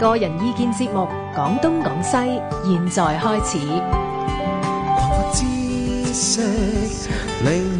個人意見節目《講東講西》，現在開始。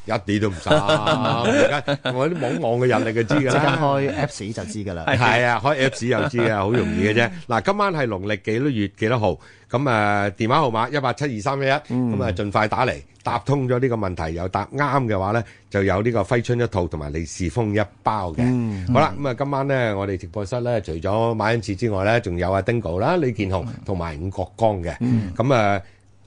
一啲都唔使，而家我啲網網嘅人你就知㗎啦，即刻開 Apps 就知噶啦。係啊，開 Apps 就知嘅，好容易嘅啫。嗱，今晚係農曆幾多月幾多號？咁啊，電話號碼一八七二三一一，咁啊，盡快打嚟，答通咗呢個問題，有答啱嘅話咧，就有呢個揮春一套，同埋利是封一包嘅。嗯，好啦，咁啊，今晚咧，我哋直播室咧，除咗馬恩賜之外咧，仲有阿丁哥啦、李健雄同埋伍國光嘅。嗯，咁啊。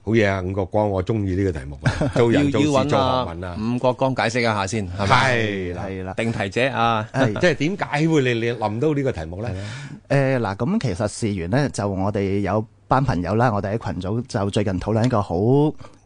好嘢啊！伍國光，我中意呢個題目啊！做人做事，做學問 要啊！伍國光解釋一下先，係咪？係啦，定題者啊，的 的即係點解會你你諗到呢個題目咧？誒，嗱、呃，咁其實事緣呢，就我哋有班朋友啦，我哋喺群組就最近討論一個好，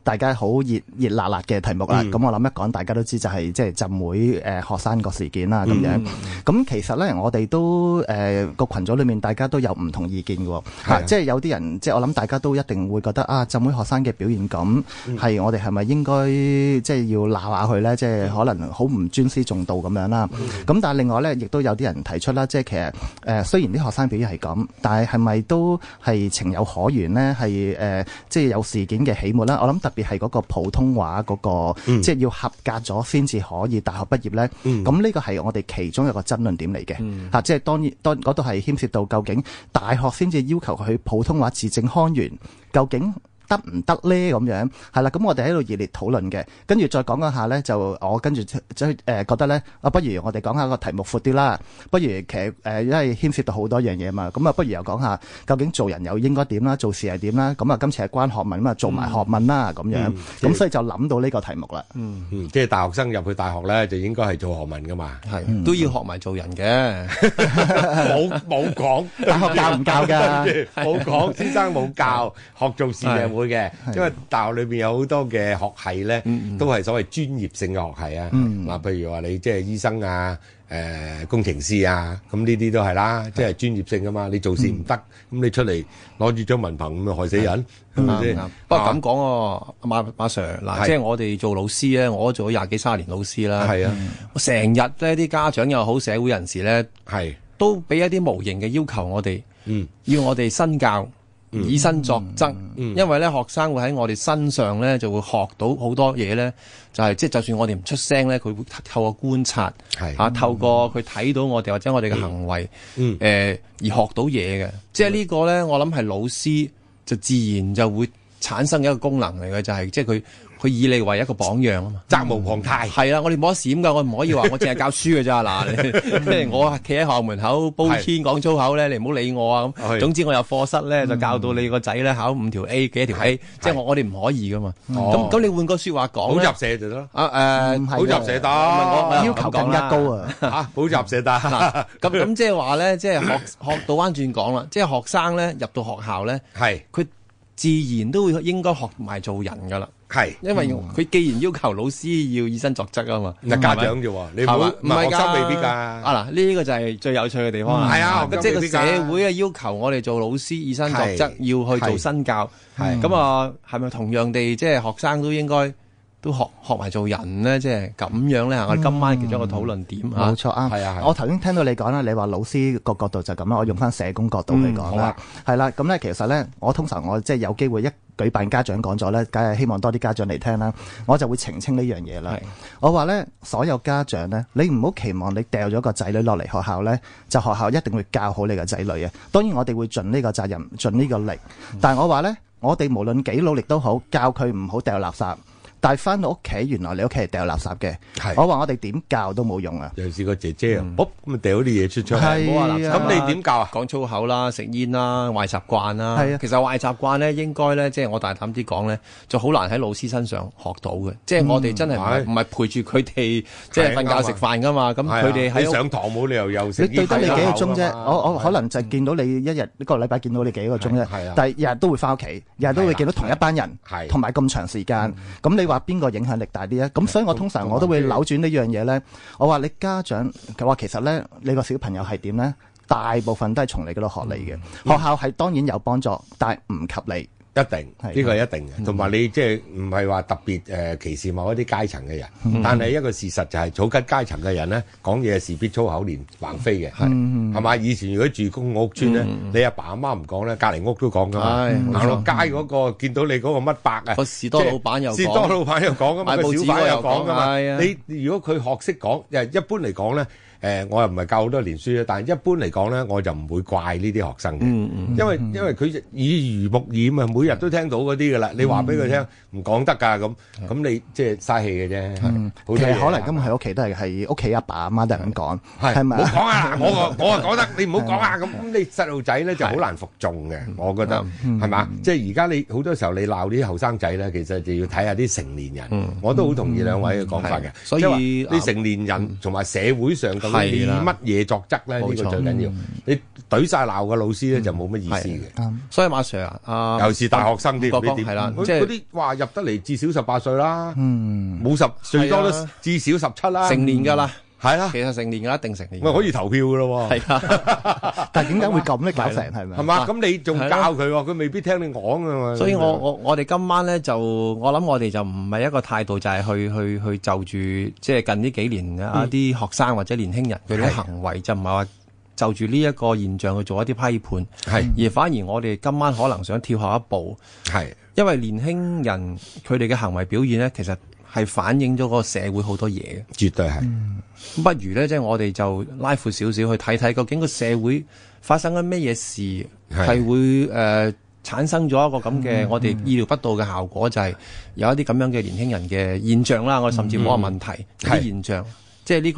大家好熱熱辣辣嘅題目啦，咁、嗯嗯、我諗一講大家都知就係即係浸會誒、呃、學生個事件啦咁樣。咁、嗯嗯嗯、其實咧，我哋都誒、呃、個群組裏面大家都有唔同意見嘅喎、嗯啊，即係有啲人即係我諗大家都一定會覺得啊，浸會學生嘅表現咁，係、嗯、我哋係咪應該即係要鬧下佢咧？即係可能好唔尊師重道咁樣啦。咁、嗯嗯、但係另外咧，亦都有啲人提出啦，即係其實誒、呃、雖然啲學生表現係咁，但係係咪都係情有可原呢？係誒、呃呃，即係有事件嘅起末啦。我諗。特別係嗰個普通話嗰、那個，嗯、即係要合格咗先至可以大學畢業呢。咁呢個係我哋其中一個爭論點嚟嘅。吓、嗯，即係當然，當然嗰度係牽涉到究竟大學先至要求佢去普通話字正腔圓，究竟？得唔得咧？咁樣係啦，咁我哋喺度熱烈討論嘅，跟住再講一下咧，就我跟住即係誒覺得咧，啊不如我哋講下個題目闊啲啦，不如其實誒因為牽涉到好多樣嘢嘛，咁啊不如又講下究竟做人又應該點啦，做事係點啦，咁啊今次係關學問啊嘛，做埋學問啦咁樣，咁所以就諗到呢個題目啦。嗯，即係大學生入去大學咧，就應該係做學問噶嘛，係都要學埋做人嘅。冇冇講，大學教唔教噶？冇講，先生冇教學做事嘅。會嘅，因為大學裏邊有好多嘅學系咧，都係所謂專業性嘅學系啊。嗱，譬如話你即係醫生啊，誒，工程師啊，咁呢啲都係啦，即係專業性噶嘛。你做事唔得，咁你出嚟攞住張文憑咁啊，害死人，係咪先？不過咁講啊，阿馬馬 sir，嗱，即係我哋做老師咧，我都做咗廿幾卅年老師啦，係啊，成日咧啲家長又好，社會人士咧，係都俾一啲無形嘅要求我哋，嗯，要我哋身教。以身作則，嗯嗯、因為咧學生會喺我哋身上咧就會學到好多嘢咧，就係即係就算我哋唔出聲咧，佢會透過觀察，係啊，透過佢睇到我哋或者我哋嘅行為，誒、嗯呃、而學到嘢嘅，即係、嗯、呢個咧我諗係老師就自然就會產生一個功能嚟嘅，就係即係佢。就是佢以你為一個榜樣啊嘛，責無旁貸。係啊，我哋冇得閃㗎，我唔可以話我淨係教書嘅咋。嗱，你即係我企喺學校門口，煲天講粗口咧，你唔好理我啊咁。總之我入課室咧，就教到你個仔咧考五條 A 幾條 A，即係我我哋唔可以㗎嘛。咁咁你換個説話講咧，補習社就得啊誒，補習社得，要求更加高啊嚇，補習社得。嗱咁咁即係話咧，即係學學倒彎轉講啦，即係學生咧入到學校咧，係佢。自然都會應該學埋做人噶啦，係，因為佢既然要求老師要以身作則啊嘛，係家長啫喎，你唔係唔係家長未必㗎。啊嗱，呢個就係最有趣嘅地方啊，係啊，即係個社會嘅要求，我哋做老師以身作則，要去做身教，係咁啊，係咪同樣地，即係學生都應該？都學學埋做人呢，即係咁樣呢。我今晚其中一個討論點啊，冇錯啊。啊啊我頭先聽到你講啦，你話老師個角度就咁啦。我用翻社工角度去講啦，係啦，嗯。咁呢，啊啊嗯，其實呢，我通常我即係有機會一舉辦家長講座，呢梗係希望多啲家長嚟聽啦。我就會澄清呢樣嘢啦。是我話呢，所有家長呢，你唔好期望你掉咗個仔女落嚟學校呢，就學校一定會教好你個仔女啊。當然我哋會盡呢個責任，盡呢個力，嗯，但係我話呢，我哋無論幾努力都好，教佢唔好掉垃圾。但係翻到屋企，原來你屋企係掉垃圾嘅。係，我話我哋點教都冇用啊。尤其係個姐姐，噉咪掉啲嘢出出，唔好話垃圾。咁你點教啊？講粗口啦，食煙啦，壞習慣啦。係啊，其實壞習慣咧，應該咧，即係我大膽啲講咧，就好難喺老師身上學到嘅。即係我哋真係唔係陪住佢哋，即係瞓覺食飯㗎嘛。咁佢哋喺上堂冇理由休息。你對得你幾個鐘啫？我我可能就見到你一日一個禮拜見到你幾個鐘啫。係啊，但係日日都會翻屋企，日日都會見到同一班人，係同埋咁長時間，咁你。話邊個影響力大啲啊？咁、嗯、所以我通常我都會扭轉呢樣嘢咧。嗯、我話你家長，佢話其實咧，你個小朋友係點咧？大部分都係從你嗰度學嚟嘅。嗯、學校係當然有幫助，但係唔及你。一定，呢個係一定嘅，同埋你即係唔係話特別誒歧視某一啲階層嘅人，但係一個事實就係草根階層嘅人咧，講嘢事必粗口連橫飛嘅，係係嘛？以前如果住公屋村咧，你阿爸阿媽唔講咧，隔離屋都講㗎嘛，行落街嗰個見到你嗰個乜白啊？士多老闆又士多老闆又講㗎嘛，個小販又講㗎嘛。你如果佢學識講，誒一般嚟講咧。誒，我又唔係教好多年書咧，但係一般嚟講咧，我就唔會怪呢啲學生嘅，因為因為佢以如木掩啊，每日都聽到嗰啲噶啦，你話俾佢聽，唔講得㗎咁，咁你即係嘥氣嘅啫。可能今日喺屋企都係喺屋企阿爸阿媽都係咁講，係咪？好講啊！我我我覺得你唔好講啊！咁你細路仔咧就好難服眾嘅，我覺得係嘛？即係而家你好多時候你鬧啲後生仔咧，其實就要睇下啲成年人，我都好同意兩位嘅講法嘅，所以啲成年人同埋社會上係乜嘢作則咧？呢個最緊要。你懟晒鬧嘅老師咧，就冇乜意思嘅。所以馬 sir 啊，尤其是大學生啲，嗰啲啦？即係啲話入得嚟至少十八歲啦，冇十，最多都至少十七啦，成年㗎啦。係啦，其實成年嘅一定成年，唔係可以投票噶咯。係啊，但係點解會咁咧？搞成係咪？係嘛？咁你仲教佢喎？佢未必聽你講㗎嘛。所以我我我哋今晚咧，就我諗，我哋就唔係一個態度，就係去去去就住，即係近呢幾年啊啲學生或者年輕人佢啲行為，就唔係話就住呢一個現象去做一啲批判。係，而反而我哋今晚可能想跳下一步。係，因為年輕人佢哋嘅行為表現咧，其實。係反映咗個社會好多嘢嘅。絕對係。不如咧，即、就、係、是、我哋就拉闊少少去睇睇，究竟個社會發生緊咩嘢事，係是會誒、呃、產生咗一個咁嘅、嗯、我哋意料不到嘅效果，就係、是、有一啲咁樣嘅年輕人嘅現象啦，我甚至冇個問題，啲、嗯嗯、現象，是即係呢個。